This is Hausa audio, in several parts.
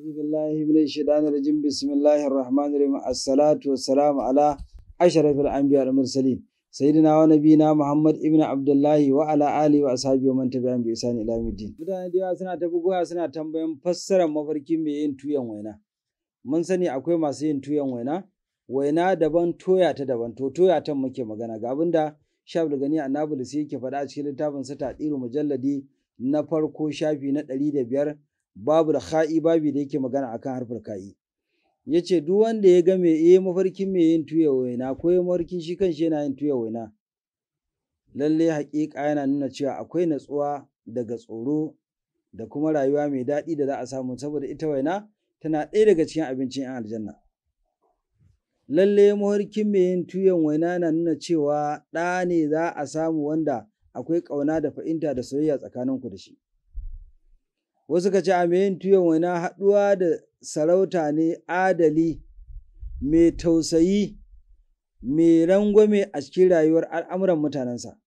أعوذ بالله من الشيطان الرجيم بسم الله الرحمن na الصلاة والسلام على أشرف الأنبياء والمرسلين سيدنا ونبينا محمد ابن عبد mutane da yawa suna ta bugowa suna tambayan fassarar mafarki mai yin tuyan waina mun sani akwai masu yin tuyan waina waina daban toya ta daban to toya ta muke magana ga abinda shaf da gani annabi da yake faɗa a cikin littafin sa tadiru mujalladi na farko shafi na ɗari da biyar babu da ha'i babu da yake magana akan harfar ka'i ya ce duk wanda ya ga me eh, mafarkin me yin tuya waina ko ya mafarkin shi kanshi yana yin tuya waina lalle haƙiƙa yana nuna cewa akwai natsuwa daga tsoro da kuma rayuwa mai daɗi da za a samu saboda ita waina tana ɗaya daga cikin abincin 'yan aljanna lalle mafarkin me yin tuyan waina yana nuna cewa ɗa ne za a samu wanda akwai ƙauna da fahimta da soyayya tsakaninku da shi wasu ka ci a tuyon waina haɗuwa da sarauta ne adali mai tausayi mai rangwame a cikin rayuwar al'amuran mutanensa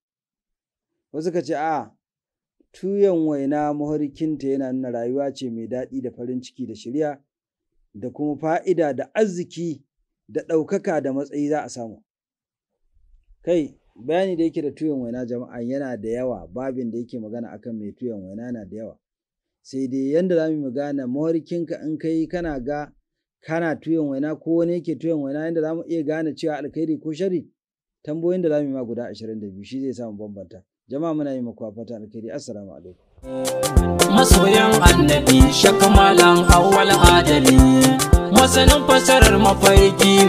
wasu ka ce a tuyon waina mahorikinta yana nuna rayuwa ce mai daɗi da farin ciki da shirya da kuma fa'ida da arziki da ɗaukaka da matsayi za a samu kai bayani da yake da tuyon waina jama'a yana da yawa babin da yake magana akan mai tuyon waina na da yawa sai dai yadda za mu gane ka in kai kana ga kana tuyon waina ko wani yake tuyon waina yadda za mu iya gane cewa alkhairi ko shari tambayoyin da za mu yi ma guda ashirin da biyu shi zai samu bambanta jama'a muna yi maku fata alkhairi assalamu alaikum. masoyan annabi shakamalan awwal adali masanin fasarar mafarki